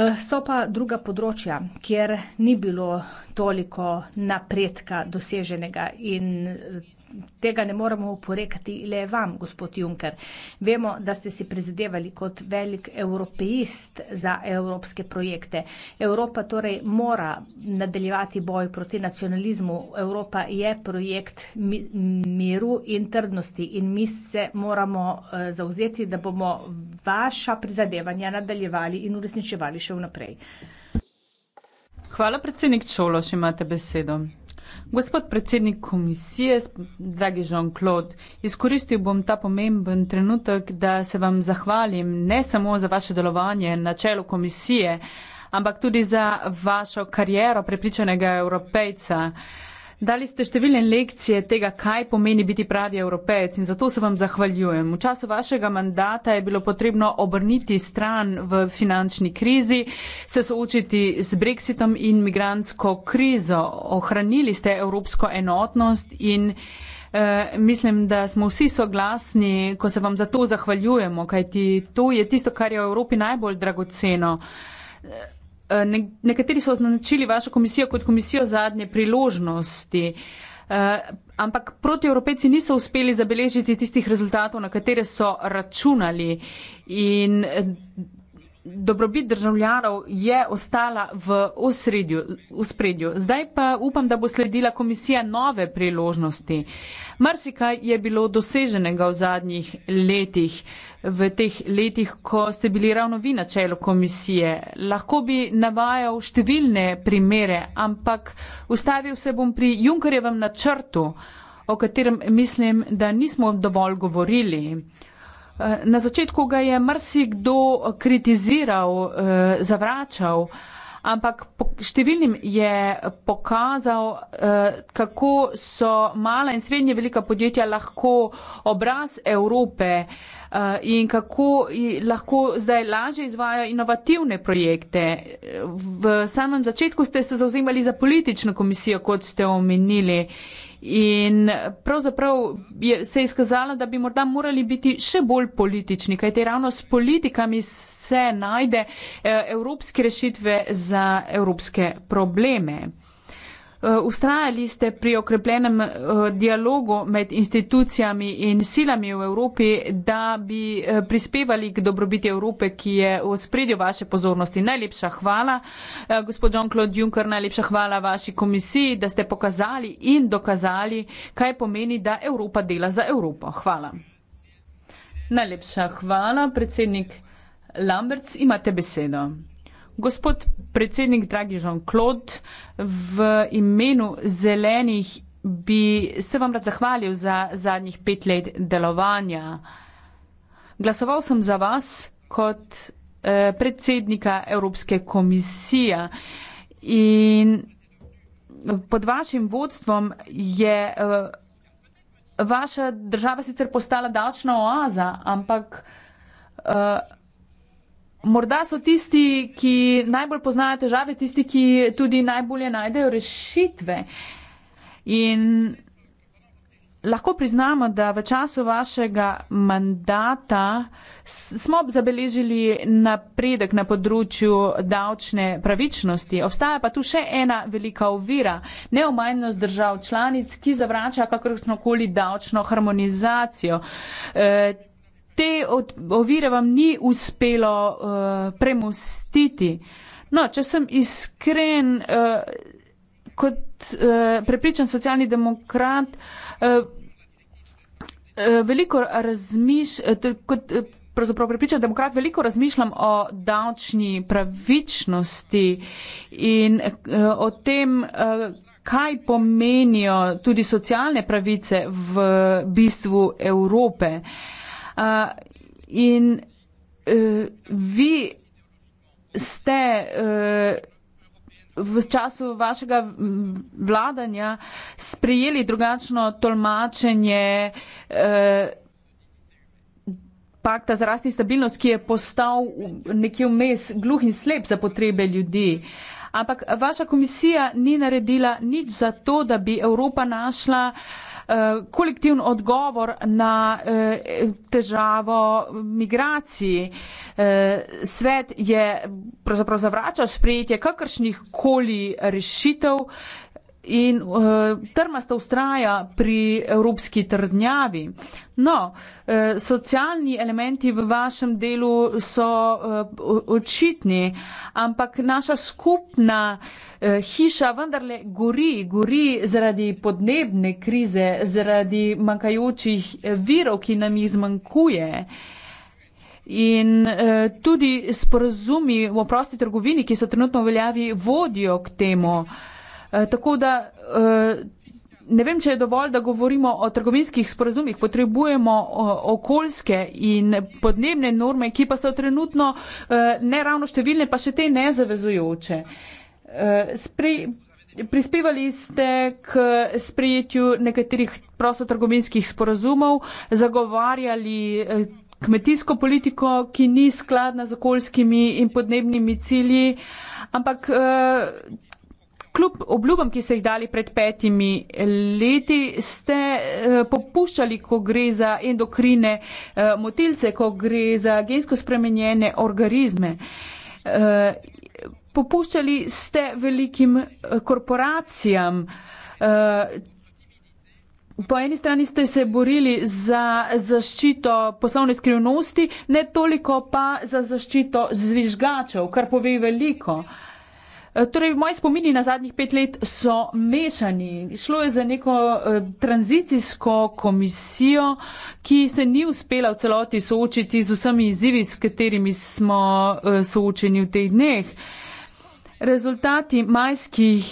Eh, so pa druga področja, kjer ni bilo toliko napredka doseženega in eh, tega ne moremo oporekati le vam, gospod Juncker. Vemo, da ste si prizadevali kot velik evropeist za evropske projekte. Evropa torej mora nadaljevati boj proti nacionalizmu. Evropa je projekt mi miru in trdnosti in mi se moramo uh, eh, zauzeti, da bomo vaša prizadevanja nadaljevali in uresničevali še vnaprej. Hvala, predsednik Čološ, imate besedo. Gospod predsednik komisije, dragi Jean-Claude, izkoristil bom ta pomemben trenutek, da se vam zahvalim ne samo za vaše delovanje na čelu komisije, ampak tudi za vašo kariero prepričanega evropejca. Dali ste številne lekcije tega, kaj pomeni biti pravi evropejec in zato se vam zahvaljujem. V času vašega mandata je bilo potrebno obrniti stran v finančni krizi, se soočiti z brexitom in migransko krizo. Ohranili ste evropsko enotnost in eh, Mislim, da smo vsi soglasni, ko se vam za to zahvaljujemo, kajti to je tisto, kar je v Evropi najbolj dragoceno. Eh, ne, nekateri so označili vašo komisijo kot komisijo zadnje priložnosti. Uh, ampak protievropejci niso uspeli zabeležiti tistih rezultatov, na katere so računali. In eh, dobrobit državljanov je ostala v ospredju. Zdaj pa upam, da bo sledila komisija nove priložnosti. Mrsika je bilo doseženega v zadnjih letih. Uh, v teh letih, ko ste bili ravno vi na čelu komisije. Lahko bi navajal številne primere, ampak ustavil se bom pri Junkerjevem načrtu, o katerem mislim, da nismo dovolj govorili. Eh, na začetku ga je mrsik kdo kritiziral, eh, zavračal, ampak številnim je pokazal, eh, kako so mala in srednje velika podjetja lahko obraz Evrope eh, in kako lahko zdaj lažje izvajo inovativne projekte. V samem začetku ste se zauzemali za politično komisijo, kot ste omenili. In pravzaprav je, se je izkazalo, da bi morda morali biti še bolj politični, kajte ravno s politikami se najde eh, evropske rešitve za evropske probleme. Eh, ustrajali ste pri okrepljenem eh, dialogu med institucijami in silami v Evropi, da bi eh, prispevali k dobrobiti Evrope, ki je v spredju vaše pozornosti. Najlepša hvala, gospod Jean-Claude Juncker, najlepša hvala vaši komisiji, da ste pokazali in dokazali, kaj pomeni, da Evropa dela za Evropo. Hvala. Najlepša hvala, predsednik Lamberts, imate besedo. Gospod predsednik, dragi Jean-Claude, v imenu zelenih bi se vam rad zahvalil za zadnjih pet let delovanja. Glasoval sem za vas kot eh, predsednika Evropske komisije in pod vašim vodstvom je eh, vaša država sicer postala davčna oaza, ampak eh, morda so tisti, ki najbolj poznajo težave, tisti, ki tudi najbolje najdejo rešitve. In lahko priznamo, da v času vašega mandata smo zabeležili napredek na področju davčne pravičnosti. Obstaja pa tu še ena velika ovira. Neumajnost držav članic, ki zavrača kakršnokoli davčno harmonizacijo. E, te od, ovire vam ni uspelo uh, eh, premustiti. No, če sem iskren, uh, kot uh, prepričan socialni demokrat, uh, uh, veliko razmišljam. Pravzaprav pripričam demokrat, veliko razmišljam o davčni pravičnosti in o tem, kaj pomenijo tudi socialne pravice v bistvu Evrope. Uh, in uh, vi ste uh, v času vašega vladanja sprejeli drugačno tolmačenje uh, pakta za rastni stabilnost, ki je postal nekje vmes gluh in slep za potrebe ljudi. Ampak vaša komisija ni naredila nič za to, da bi Evropa našla uh, Eh, kolektivni odgovor na eh, težavo migraciji. Eh, svet je pravzaprav zavračal sprejetje kakršnih koli rešitev, in uh, trmasto ustraja pri evropski trdnjavi. No, uh, socialni elementi v vašem delu so uh, očitni, ampak naša skupna uh, hiša vendarle gori, gori zaradi podnebne krize, zaradi manjkajočih virov, ki nam jih zmanjkuje. In eh, tudi sporazumi o prosti trgovini, ki so trenutno v veljavi, vodijo k temu. Eh, Eh, tako da eh, ne vem, če je dovolj, da govorimo o trgovinskih sporazumih. Potrebujemo eh, okoljske in podnebne norme, ki pa so trenutno ne ravno številne, pa še te nezavezujoče. Spri, prispevali ste k sprejetju nekaterih prostotrgovinskih sporazumov, zagovarjali kmetijsko politiko, ki ni skladna z okoljskimi in podnebnimi cilji, ampak kljub obljubam, ki ste jih dali pred petimi leti, ste eh, popuščali, ko gre za endokrine eh, motilce, ko gre za gensko spremenjene organizme. Eh, popuščali ste velikim korporacijam. Po eni strani ste se borili za zaščito poslovne skrivnosti, ne toliko pa za zaščito zvižgačev, kar pove veliko. Uh, Eh, torej, moji spomini na zadnjih pet let so mešani. Šlo je za neko eh, tranzicijsko komisijo, ki se ni uspela v celoti soočiti z vsemi izzivi, s katerimi smo eh, soočeni v teh dneh. Rezultati majskih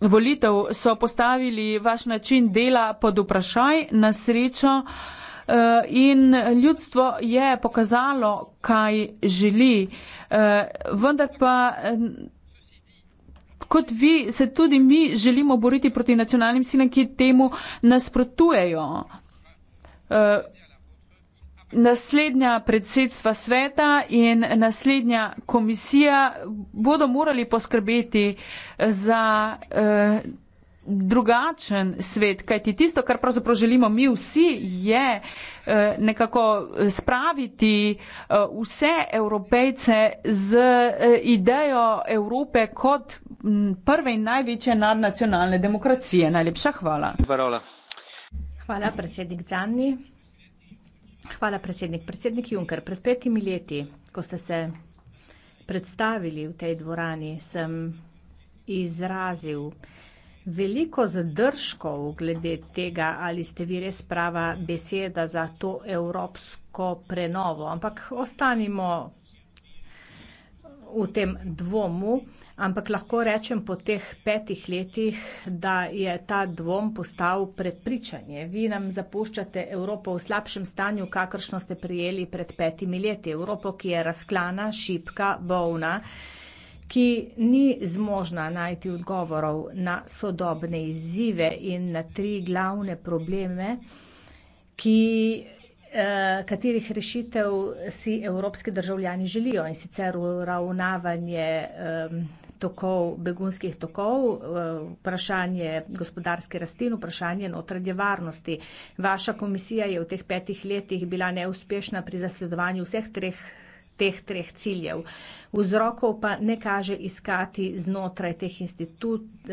volitev so postavili vaš način dela pod vprašaj na srečo. Eh, in ljudstvo je pokazalo, kaj želi. Eh, vendar pa, eh, kot vi, se tudi mi želimo boriti proti nacionalnim silam, ki temu nasprotujejo. Naslednja predsedstva sveta in naslednja komisija bodo morali poskrbeti za drugačen svet, kajti tisto, kar pravzaprav želimo mi vsi, je eh, nekako spraviti eh, vse evropejce z eh, idejo Evrope kot prve in največje nadnacionalne demokracije. Najlepša hvala. Hvala, hvala predsednik Zanni. Hvala, predsednik. Predsednik Juncker, pred petimi leti, ko ste se predstavili v tej dvorani, sem izrazil Veliko zadržkov glede tega, ali ste vi res prava beseda za to evropsko prenovo, ampak ostanimo v tem dvomu, ampak lahko rečem po teh petih letih, da je ta dvom postal prepričanje. Vi nam zapuščate Evropo v slabšem stanju, kakršno ste prijeli pred petimi leti. Evropo, ki je razklana, šipka, bolna ki ni zmožna najti odgovorov na sodobne izzive in na tri glavne probleme, ki, eh, katerih rešitev si evropski državljani želijo, in sicer uravnavanje tokov, begunskih tokov, eh, vprašanje gospodarske rasti in vprašanje notranje varnosti. Vaša komisija je v teh petih letih bila neuspešna pri zasledovanju vseh treh teh treh ciljev. Vzrokov pa ne kaže iskati znotraj teh institucij,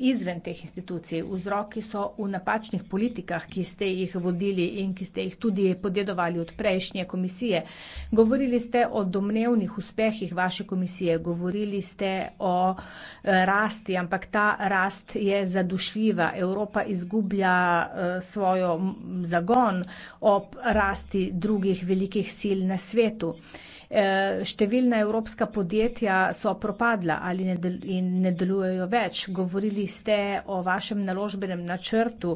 izven teh institucij. Vzroki so v napačnih politikah, ki ste jih vodili in ki ste jih tudi podedovali od prejšnje komisije. Govorili ste o domnevnih uspehih vaše komisije, govorili ste o eh, rasti, ampak ta rast je zadušljiva. Evropa izgublja eh, svojo zagon ob rasti drugih velikih sil na svetu. Eh, številna evropska podjetja so propadla ali ne in ne delujejo več. Govorili ste o vašem naložbenem načrtu,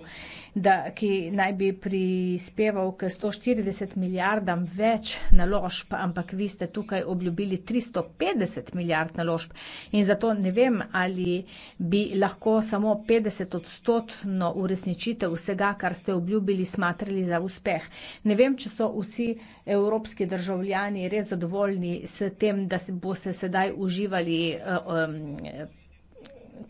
da, ki naj bi prispeval k 140 milijardam več naložb, ampak vi ste tukaj obljubili 350 milijard naložb in zato ne vem, ali bi lahko samo 50 odstotno uresničitev vsega, kar ste obljubili, smatrali za uspeh. Ne vem, če so vsi evropski državljani res zadovoljni, zadovoljni s tem, da boste sedaj uživali, eh,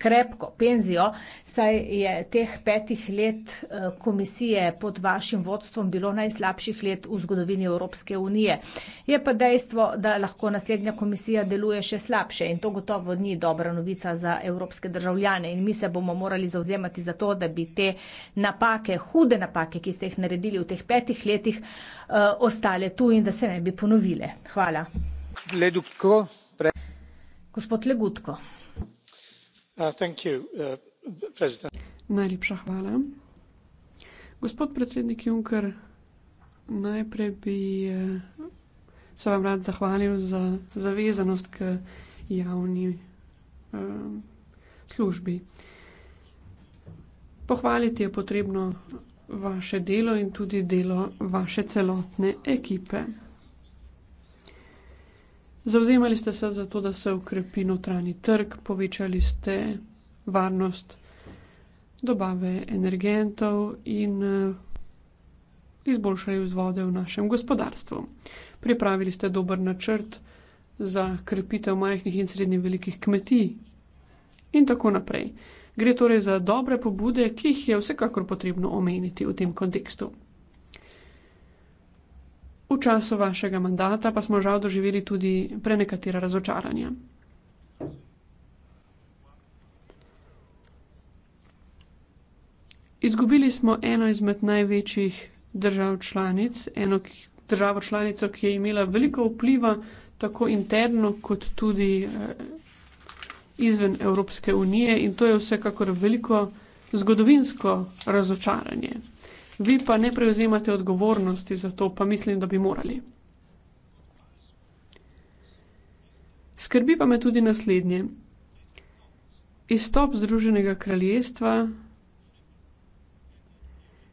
krepko penzijo, saj je teh petih let, eh, komisije pod vašim vodstvom bilo najslabših let v zgodovini Evropske unije. Je pa dejstvo, da lahko naslednja komisija deluje še slabše in to gotovo ni dobra novica za evropske državljane in mi se bomo morali zauzemati za to, da bi te napake, hude napake, ki ste jih naredili v teh petih letih, eh, ostale tu in da se ne bi ponovile. Hvala. Gospod Legutko. Uh, uh, Najlepša hvala. Gospod predsednik Juncker, najprej bi, eh, se vam rad zahvalil za zavezanost k javni, eh, službi. Pohvaliti je potrebno vaše delo in tudi delo vaše celotne ekipe. Zavzemali ste se za to, da se ukrepi notranji trg, povečali ste varnost dobave energentov in eh, izboljšali vzvode v našem gospodarstvu. Pripravili ste dober načrt za krepitev majhnih in srednji velikih kmetij in tako naprej. Gre torej za dobre pobude, ki jih je vsekakor potrebno omeniti v tem kontekstu. V času vašega mandata pa smo žal doživeli tudi prenekatera razočaranja. Izgubili smo eno izmed največjih držav članic, eno državo članico, ki je imela veliko vpliva tako interno kot tudi eh, izven Evropske unije in to je vsekakor veliko zgodovinsko razočaranje vi pa ne prevzemate odgovornosti za to, pa mislim, da bi morali. Skrbi pa me tudi naslednje. Izstop Združenega kraljestva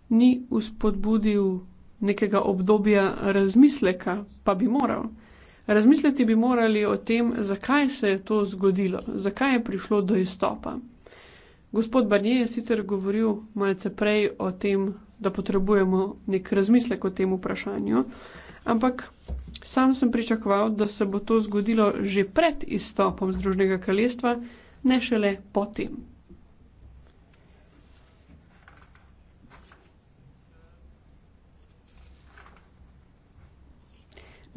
ni uspodbudil nekega obdobja razmisleka, pa bi moral. Razmisliti bi morali o tem, zakaj se je to zgodilo, zakaj je prišlo do izstopa. Gospod Barnier je sicer govoril malce prej o tem da potrebujemo nek razmislek o tem vprašanju. Ampak sam sem pričakoval, da se bo to zgodilo že pred izstopom Združenega kraljestva, ne šele potem.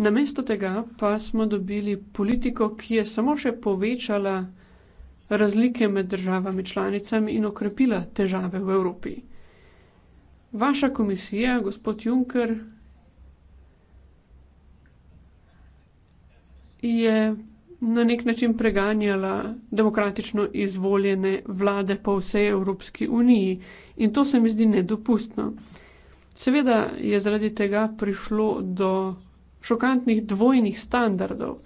Namesto tega pa smo dobili politiko, ki je samo še povečala razlike med državami članicami in okrepila težave v Evropi. Vaša komisija, gospod Juncker, je na nek način preganjala demokratično izvoljene vlade po vsej Evropski uniji in to se mi zdi nedopustno. Seveda je zaradi tega prišlo do šokantnih dvojnih standardov.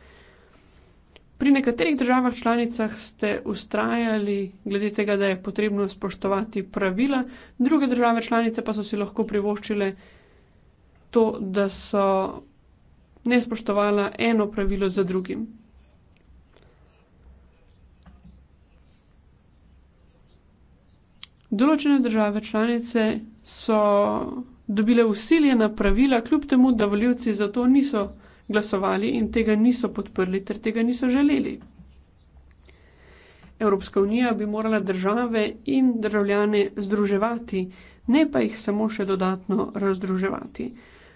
Pri nekaterih državah članicah ste ustrajali glede tega, da je potrebno spoštovati pravila, druge države članice pa so si lahko privoščile to, da so ne spoštovala eno pravilo za drugim. Določene države članice so dobile usiljena pravila, kljub temu, da voljivci za to niso glasovali in tega niso podprli, ter tega niso želeli. Evropska unija bi morala države in državljane združevati, ne pa jih samo še dodatno razdruževati.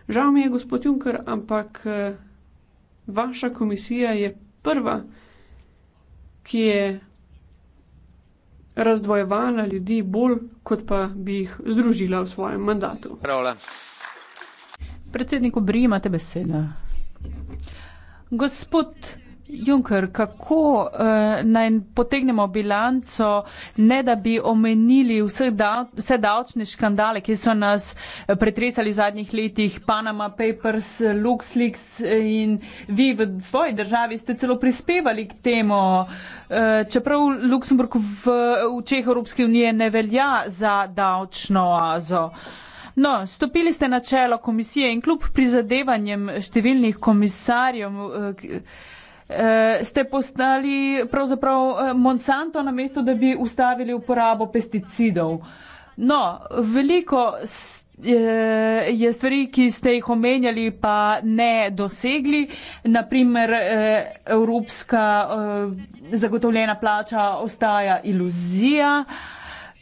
Žal mi je, gospod Juncker, ampak eh, vaša komisija je prva, ki je razdvojevala ljudi bolj, kot pa bi jih združila v svojem mandatu. Predsednik Obri, imate besedo. Gospod Juncker, kako eh, naj potegnemo bilanco, ne da bi omenili dav, vse davčne škandale, ki so nas eh, pretresali v zadnjih letih, Panama Papers, eh, LuxLeaks eh, in vi v svoji državi ste celo prispevali k temu, eh, čeprav Luksemburg v očeh Evropske unije ne velja za davčno oazo. Eh, No, stopili ste na čelo komisije in kljub prizadevanjem številnih komisarjev eh, eh, ste postali pravzaprav eh, Monsanto, namesto da bi ustavili uporabo pesticidov. No, veliko je stvari, ki ste jih omenjali, pa ne dosegli, naprimer evropska zagotovljena plača ostaja iluzija.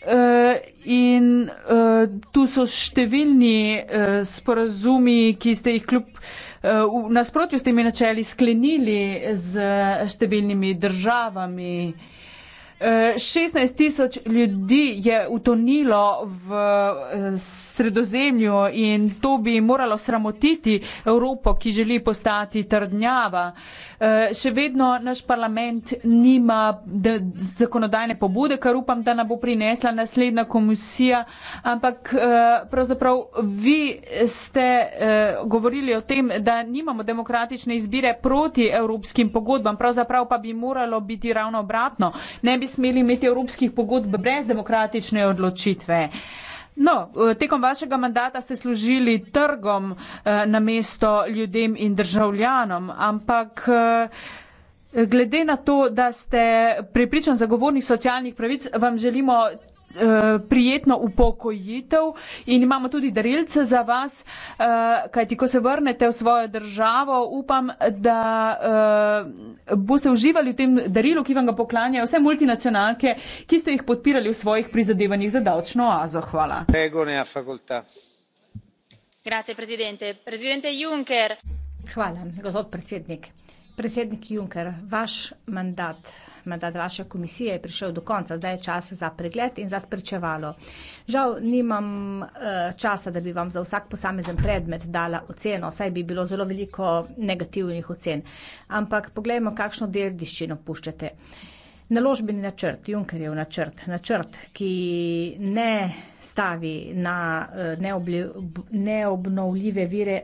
Eh, in eh, tu so številni eh, sporazumi, ki ste jih kljub v nasprotju s temi načeli sklenili z številnimi državami. 16 eh, tisoč ljudi je utonilo v eh, sredozemlju in to bi moralo sramotiti Evropo, ki želi postati trdnjava. Eh, še vedno naš parlament nima zakonodajne pobude, kar upam, da nam bo prinesla naslednja komisija, ampak pravzaprav vi ste govorili o tem, da nimamo demokratične izbire proti evropskim pogodbam, pravzaprav pa bi moralo biti ravno obratno. Ne bi bi smeli imeti evropskih pogodb brez demokratične odločitve. No, eh, tekom vašega mandata ste služili trgom eh, na mesto ljudem in državljanom, ampak eh, glede na to, da ste pripričan zagovornik socialnih pravic, vam želimo Eh, prijetno upokojitev in imamo tudi darilce za vas, eh, kajti ko se vrnete v svojo državo, upam, da eh, boste uživali v tem darilu, ki vam ga poklanjajo vse multinacionalke, ki ste jih podpirali v svojih prizadevanjih za davčno oazo. Hvala. Hvala, gospod predsednik. Predsednik Juncker, vaš mandat mandat vaše komisije je prišel do konca, zdaj je čas za pregled in za sprečevalo. Žal nimam uh, časa, da bi vam za vsak posamezen predmet dala oceno, saj bi bilo zelo veliko negativnih ocen. Ampak pogledajmo, kakšno dediščino puščate. Naložbeni načrt, Junkerjev načrt, načrt, ki ne stavi na eh, neobli, neobnovljive vire,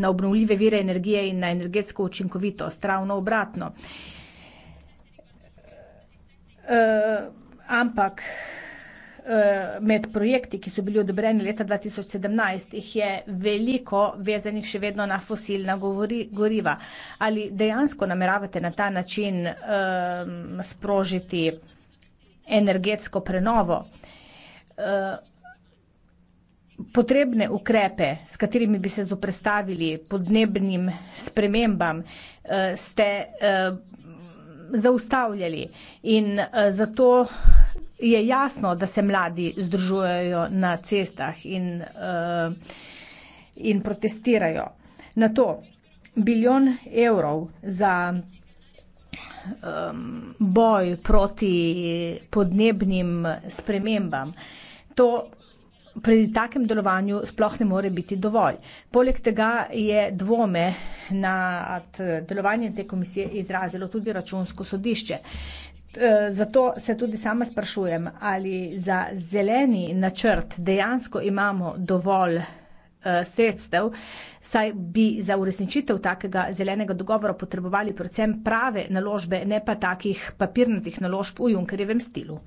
na obnovljive vire energije in na energetsko učinkovitost, ravno obratno. Uh, Eh, ampak eh, Med projekti, ki so bili odobreni leta 2017, jih je veliko vezanih še vedno na fosilna goriva. Ali dejansko nameravate na ta način um, sprožiti energetsko prenovo? Um, potrebne ukrepe, s katerimi bi se zoprestavili podnebnim spremembam, um, ste um, zaustavljali. In uh, zato je jasno, da se mladi združujejo na cestah in, uh, in protestirajo. Na to biljon evrov za um, boj proti podnebnim spremembam. To pri takem delovanju sploh ne more biti dovolj. Poleg tega je dvome nad eh, delovanjem te komisije izrazilo tudi računsko sodišče. Eh, zato se tudi sama sprašujem, ali za zeleni načrt dejansko imamo dovolj eh, sredstev, saj bi za uresničitev takega zelenega dogovora potrebovali predvsem prave naložbe, ne pa takih papirnatih naložb v Junkerjevem stilu.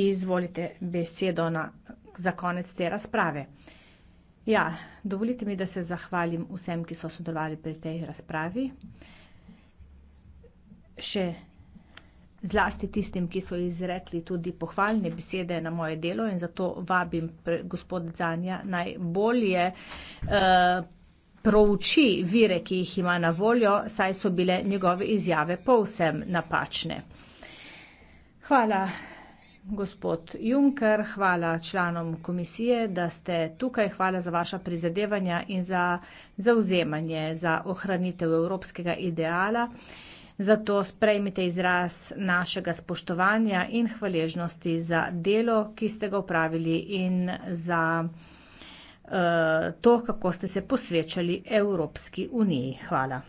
Izvolite besedo na, za konec te razprave. Ja, dovolite mi, da se zahvalim vsem, ki so sodelovali pri tej razpravi. Še zlasti tistim, ki so izrekli tudi pohvalne besede na moje delo in zato vabim pre, gospod Zanja naj bolje uh, eh, prouči vire, ki jih ima na voljo, saj so bile njegove izjave povsem napačne. Hvala. Gospod Juncker, hvala članom komisije, da ste tukaj. Hvala za vaša prizadevanja in za zauzemanje za ohranitev evropskega ideala. Zato sprejmite izraz našega spoštovanja in hvaležnosti za delo, ki ste ga upravili in za uh, to, kako ste se posvečali Evropski uniji. Hvala.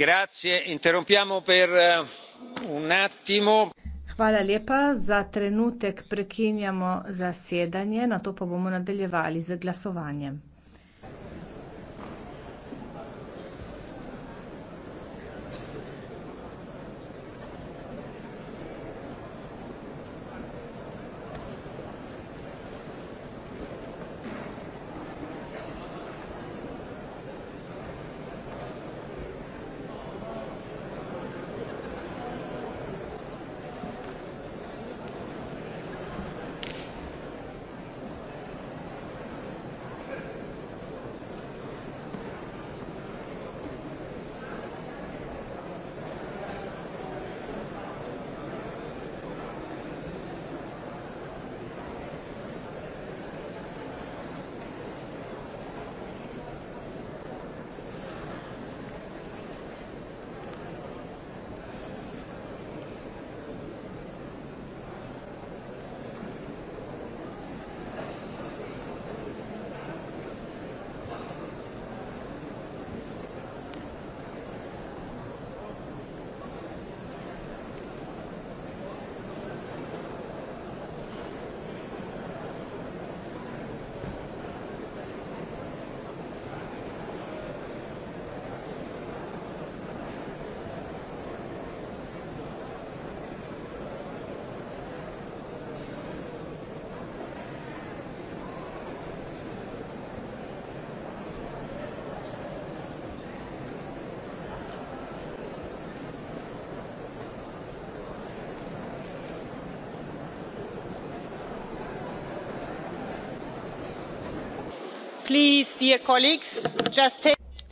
Eh, hvala lepa za trenutek prekinjamo zasedanje nato pa bomo nadaljevali z glasovanjem.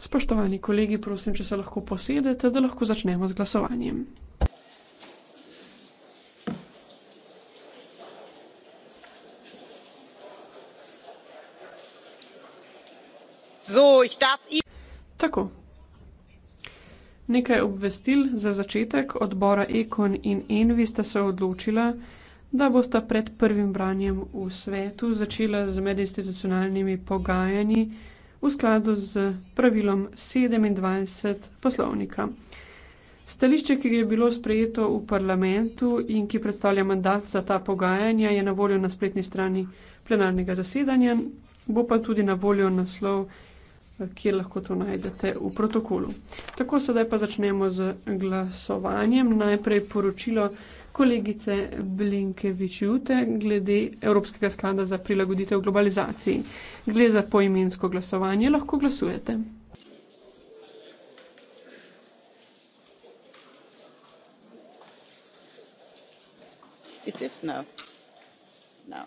Spoštovani kolegi, prosim, če se lahko posedete, da lahko začnemo z glasovanjem. Tako. Nekaj obvestil za začetek, odbora Ekon in Envi sta se odločila, da bosta pred prvim branjem v svetu začela z medinstitucionalnimi pogajanji v skladu z pravilom 27 poslovnika. Stališče, ki je bilo sprejeto v parlamentu in ki predstavlja mandat za ta pogajanja, je na voljo na spletni strani plenarnega zasedanja, bo pa tudi na voljo naslov, kjer lahko to najdete v protokolu. Tako sedaj pa začnemo z glasovanjem. Najprej poročilo kolegice Blinkevičute glede Evropskega sklada za prilagoditev globalizaciji. Gre za poimensko glasovanje, lahko glasujete. Is this no? No.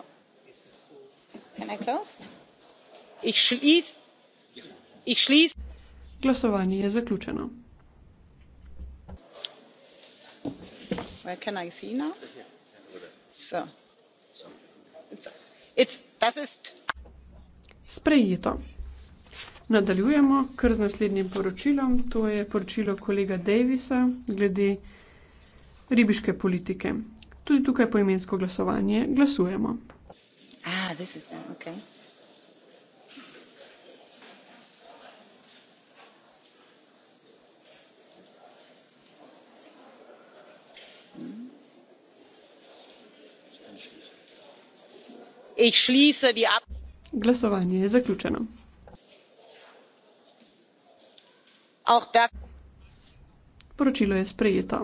Can I close? Ich schließ. Ich schließ. Glasovanje je zaključeno. can i see now? sprejeto. nadaljujemo kar z naslednjim poročilom. to je poročilo kolega davisa glede ribiške politike. tudi tukaj poimensko glasovanje glasujemo. Ah, this is done. Okay. ich schließe die ab glasovanje je zaključeno auch das poročilo je sprejeto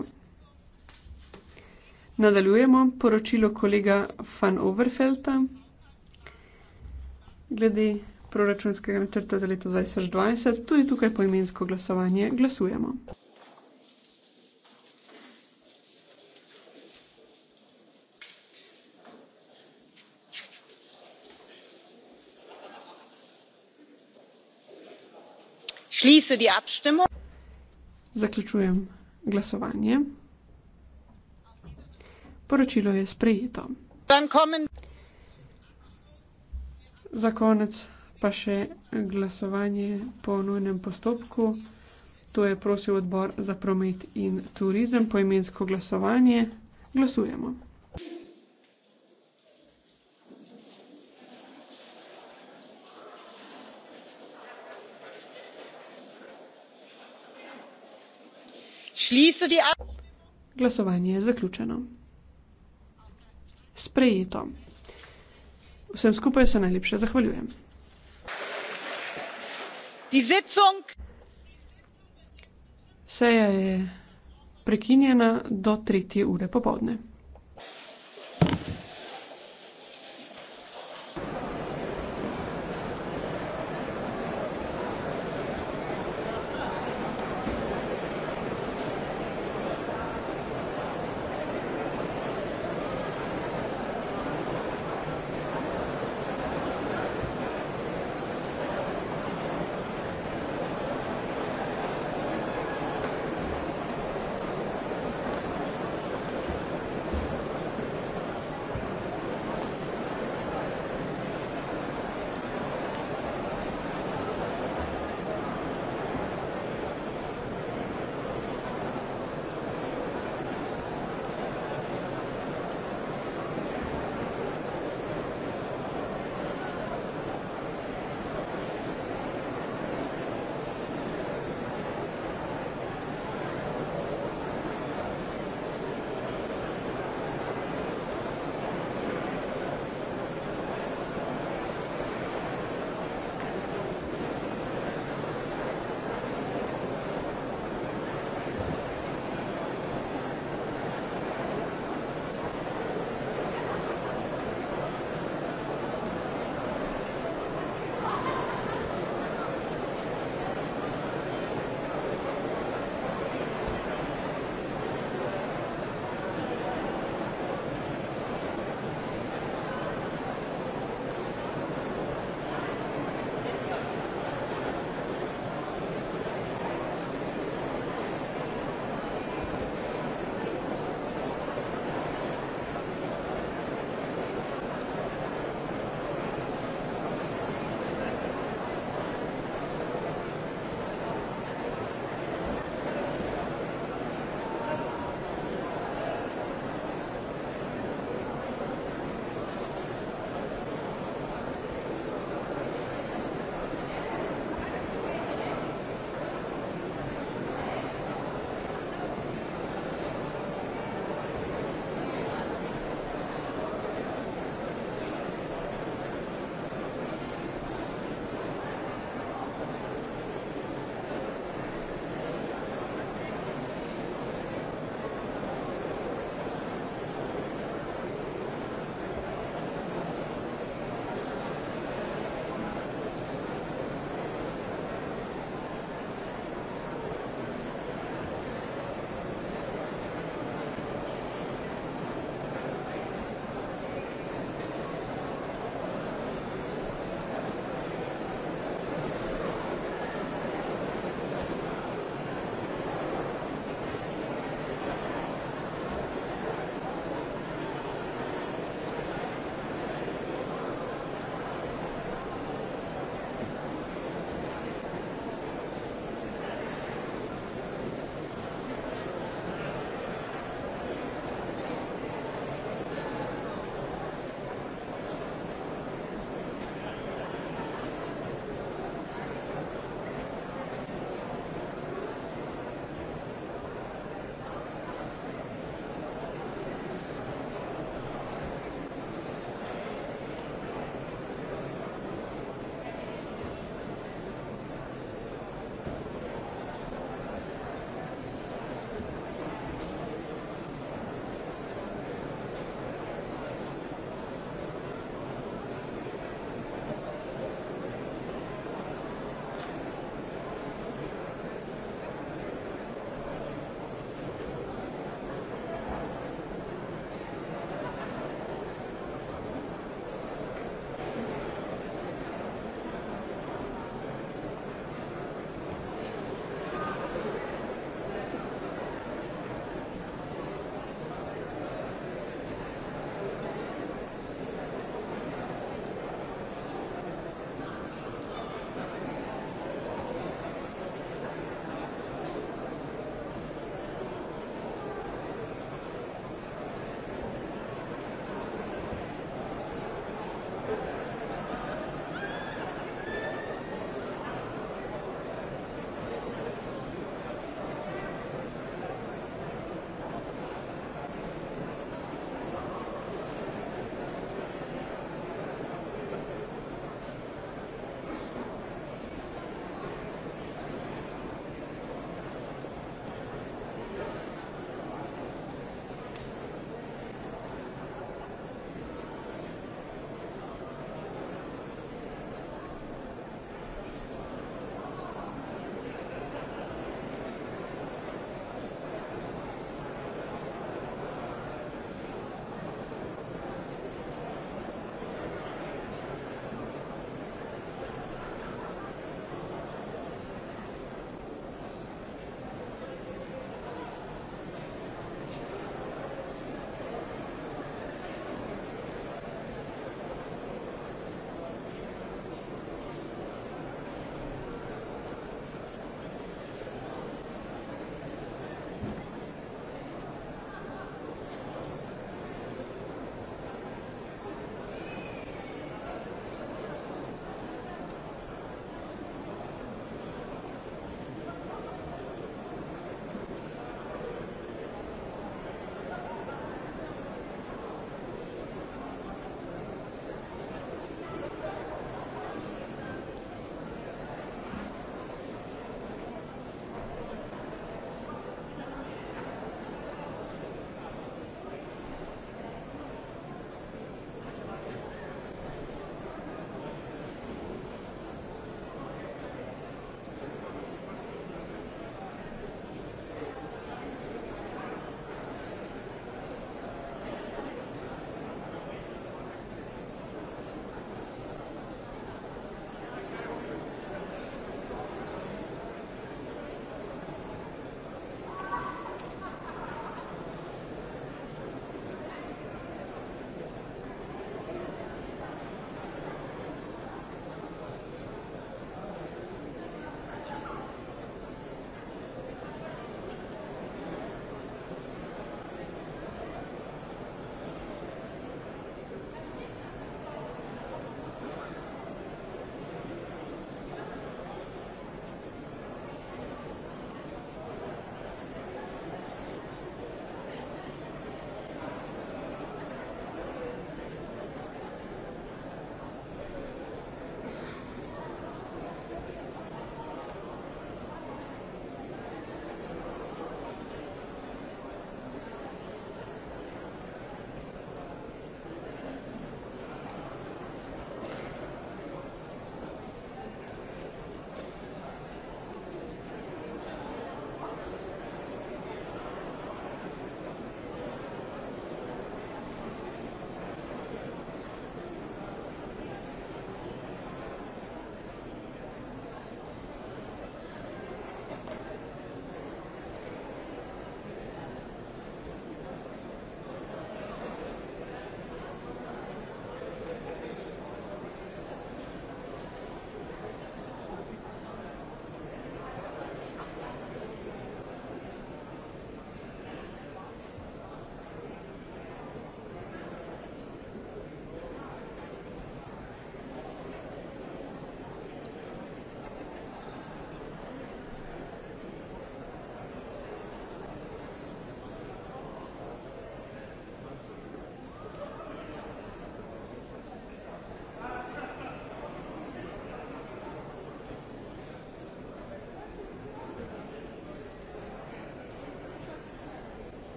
nadaljujemo poročilo kolega van overfelta glede proračunskega načrta za leto 2020 tudi tukaj poimensko glasovanje glasujemo schließe die Abstimmung. Zaključujem glasovanje. Poročilo je sprejeto. Za konec pa še glasovanje po nujnem postopku. To je prosil odbor za promet in turizem poimensko glasovanje. Glasujemo. schließe die Ab Glasovanje je zaključeno. Sprejeto. Vsem skupaj se najlepše zahvaljujem. Die Sitzung. Seja je prekinjena do 3. ure popovdne.